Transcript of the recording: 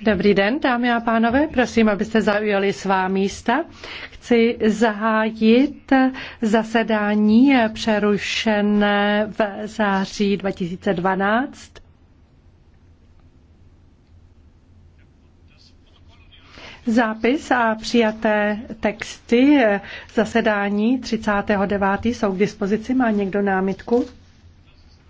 Dobrý den, dámy a pánové, prosím, abyste zaujali svá místa. Chci zahájit zasedání přerušené v září 2012. Zápis a přijaté texty zasedání 39. jsou k dispozici. Má někdo námitku?